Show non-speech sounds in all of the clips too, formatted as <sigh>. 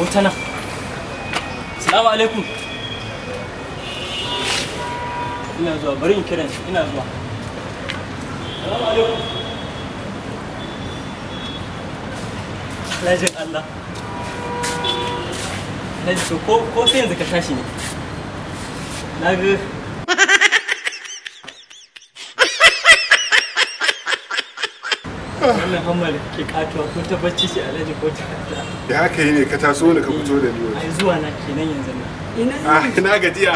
wata salamu alaikum ina zuwa bari in kiran shi ina zuwa salamu alaikum lajin allah na ko ko sai yanzu ka tashi ne na ga wannan hammal ke katuwa ko ta bacci ce alaji ko ta da haka yi ne ka taso ne ka fito da ni ai zuwa na kenan yanzu ah, na ina gajiya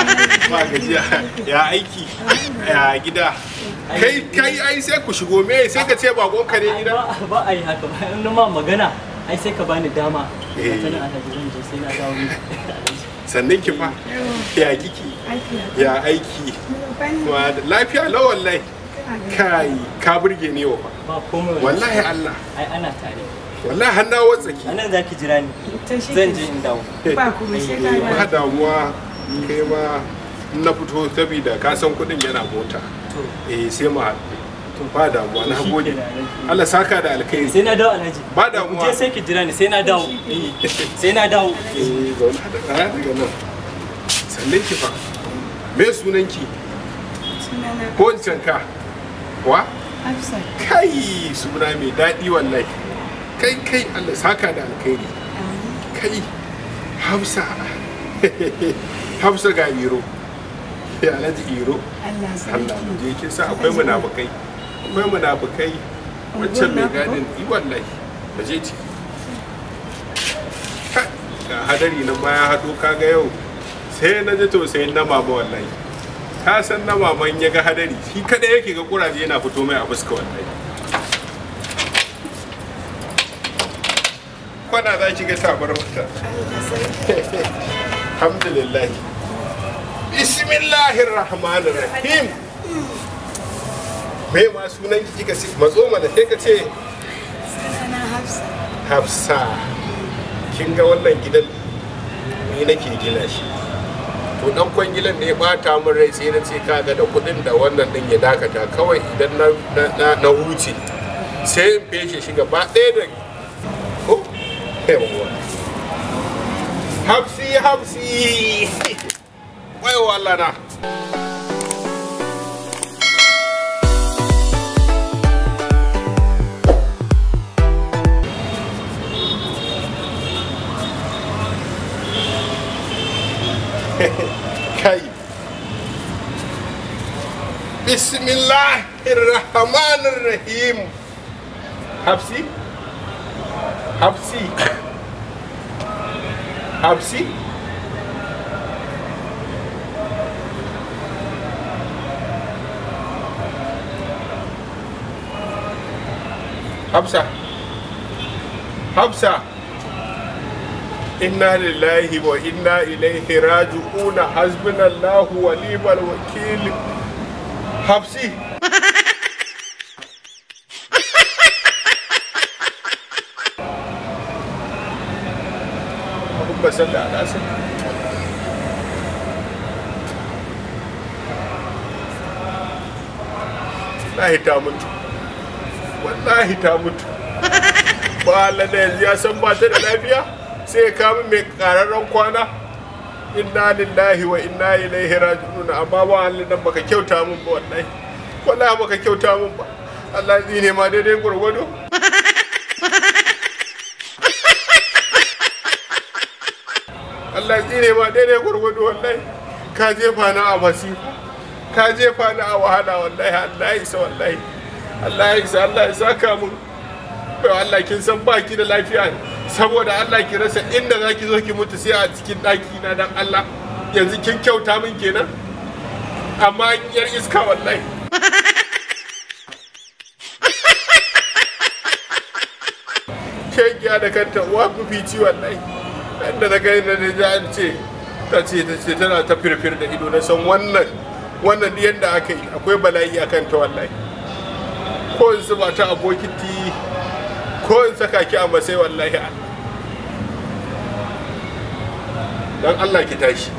ba gajiya ya aiki ya gida kai kai ai sai ku shigo me sai ka ce ba gonka ne gida ba ai haka ba in ma magana ai sai ka bani dama eh sanin alaji zan je sai na dawo sannan ki fa ya kiki ya aiki lafiya lawan lai kai ka burge ne wa wallahi Allah ai ana tare wallahi har na watsaki anan zaki jira ni zan je in dawo ba kuma sai ka ba damuwa kai ma na fito saboda ka san kudin yana mota eh sai mu haɗu ba damuwa na gode Allah saka da alkai sai na dawo alhaji ba damuwa je sai ki jira ni sai na dawo eh, sai na dawo eh zauna da daga nan sannan ki fa me sunan ki. ko in canka wa kai suna mai daɗi wallahi kai kai Allah saka da alkhairi kai Hafsa <laughs> Hafsa ga Iro ya Alhaji Iro Allah Allah je kin sa akwai munafukai akwai munafukai wancan mai gadin yi wallahi ba je ciki ga hadari nan ma ya hado kaga yau sai na ji sai na mama wallahi ka san na baban ya ga hadari shi kada yake ga kuraje yana fito mai a fuska wallahi kwana za ki ga sabar wata alhamdulillah bismillahir rahmanir rahim me ma sunan ki kika matso mana sai ka ce hafsa hafsa kin ga wannan gidan ni nake gina shi to dan kwangilan ne ya bata min rai sai na ce ka ga da kudin da wannan din ya dakata kawai idan na na huce sai in feshe shi gaba ɗaya da ko hafsi hafsi wai na <laughs> كي بسم الله الرحمن الرحيم حبسي حبسي حبسي حبسة حبسة inna lillahi wa inna ilaihi raji'un hasbunallahu wa ni'mal wakil hafsi wallahi ta mutu wallahi ta mutu <laughs> ba Allah ya san ba ta da lafiya sai ya kama mai ƙararren kwana inna lillahi wa inna ilaihi raji'un amma ba Allah nan baka kyauta mun ba wallahi wallahi baka kyauta mun ba Allah zai ne ma daidai gurgudu Allah zai ne ma daidai gurgudu wallahi ka jefa na a masifa ka jefa na a wahala wallahi Allah ya isa wallahi Allah ya isa Allah ya saka mun bai Allah kin san baki da lafiya ne saboda Allah ki rasa inda zaki ki zo ki mutu sai a cikin ɗaki na dan Allah yanzu kin kyauta min kenan amma yar iska wallahi shekiya <laughs> da kanta uwa ku fici wallahi inda da kai da ji an ce ta ce ta ce tana ta firfir da ido na san wannan wannan yadda aka yi akwai bala'i akan ta wallahi ko yanzu ba ta abokin ko in saka ki a masai wallahi Allah dan Allah ki tashi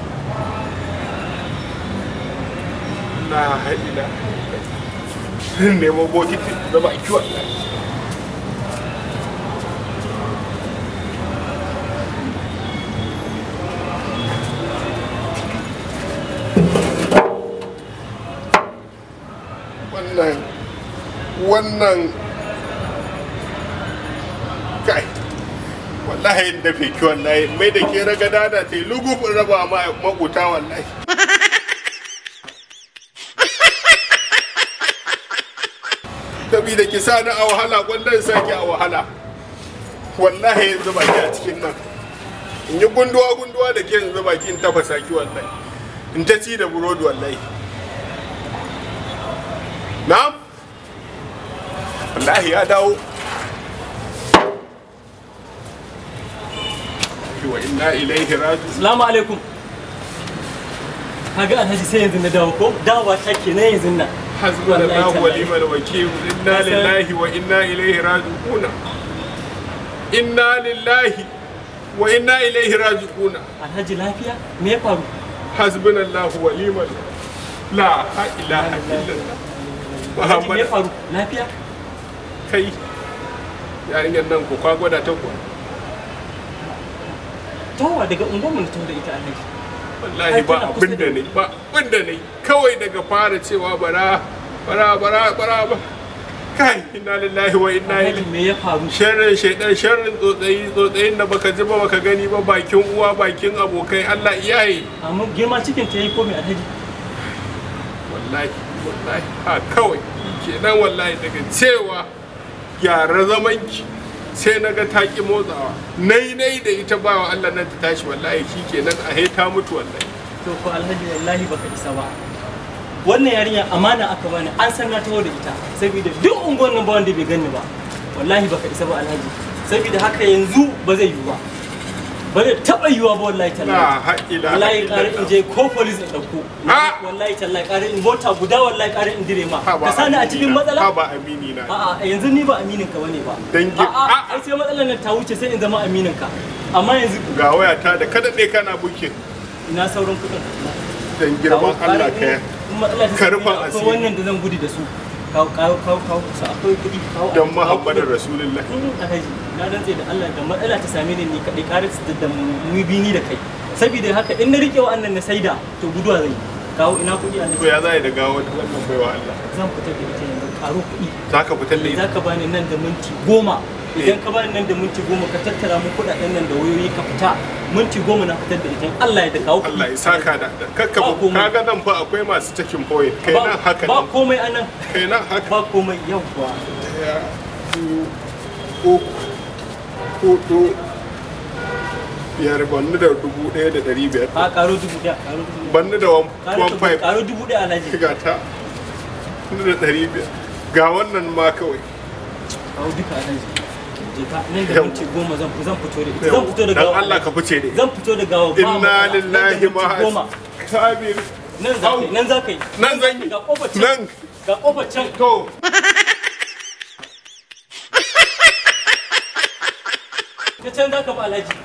na haɗina nemo bokiti na baki wallahi wannan wannan wallahi da feki wallahi mai da ke raga dada ta yi lugub raba ma makuta wallahi tabi da ki sa ni a wahala gwandon sake a wahala wallahi zuba baki a cikin nan in yi gunduwa gunduwa da ke yanzu baki in tafasa ki wallahi in ta ci da burodi wallahi na'am wallahi ya dawo wa inna ilaihi raju assalamu alaikum kaga alhaji sai yanzu na dawo ko dawa ta ke kenan yanzu nan hasbuna Allah wa limal wakil inna lillahi wa inna ilaihi raju kuna. inna lillahi wa inna ilaihi raju kuna. alhaji lafiya me ya faru hasbuna Allah wa limal la ilaha illallah Muhammad me ya faru lafiya kai yarinyar nan ko ka gwada ta kuwa fitowa daga unguwar mu da ita alhaji wallahi ba abin da ne ba abin ne kawai daga fara cewa bara bara bara bara ba kai inna lillahi wa inna ilaihi me ya faru sharrin shaidan sharrin tsotsayi tsotsayin da baka ji ba baka gani ba bakin uwa bakin abokai Allah iyaye amma girma cikin ta yi ko mai alhaji wallahi wallahi ha kawai kenan wallahi daga cewa gyara zamanki sai na ga ta motsawa nai nai da ita ba wa Allah nan ta tashi wallahi nan a he ta mutu wallahi to ko alhaji wallahi baka isa ba wannan yarinya amana aka bani an san na taho da ita saboda duk unguwan nan ba wanda bai gani ba wallahi baka isa ba alhaji saboda haka yanzu ba zai yiwu ba ba zai taɓa yiwa ba wallahi tallahi wallahi ƙarin in je ko polis in ɗauko wallahi tallahi ƙarin in mota guda wallahi ƙarin in dire ma ka sani a cikin matsala ba amini na a a yanzu ni ba aminin ka bane ba a a ai sai matsalar nan ta wuce sai in zama aminin ka amma yanzu ga waya ta da kada ɗaya kana buke ina sauran kuɗin dan girman Allah ka ka rufa asiri wannan da zan gudu da su kawo kawo kawo kawo akwai kuɗi kawo don mahabbatar rasulullah na da Allah da matsala ta same ni kaɗai ƙarar da mu bi ni da kai saboda haka in na rike wa'annan na saida to guduwa zai kawo ina a to ya za da gawo wannan baiwa Allah zan da ita yanzu karo kuɗi za ka fitar da ita za ka bani nan da minti goma idan ka bar nan da minti goma ka tattara mun kudaden nan da wayoyi ka fita minti goma na fitar da ita Allah ya da kawo Allah ya saka da kakka ka ga nan fa akwai masu taking point kai nan haka ba komai anan kai nan haka ba komai yawwa uku hudu biyar bannu da dubu ɗaya da ɗari biyar a karo dubu ɗaya karo dubu da one five karo dubu ɗaya alhaji ga ta da ɗari biyar ga wannan ma kawai kawo duka alhaji nan da minti goma zan fito da zan fito da gawa ka fito da gawa inna lillahi ma sabir nan za ka nan za nan zan yi nan ga kofar can ba alhaji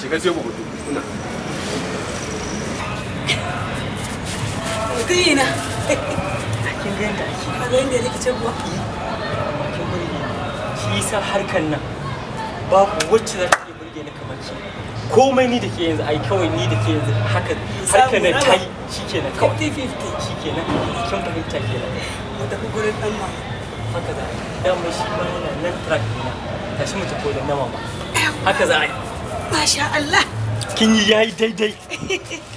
shiga sai ku fito ina Kuyina. Kin ganda. Ka ga inda nake cewa. isa harkan nan babu wacce za ta iya burge ni kamar shi komai ni da ke yanzu ai kawai ni da ke yanzu haka harkar nan ta yi shi kenan kawai 50-50 shi kenan kin fahimta nan wata gurin ɗan ma haka za a yi dama shi ma nan nan track ta shi mutu ko da nama ba haka za a yi masha Allah kin yi yayi daidai <laughs>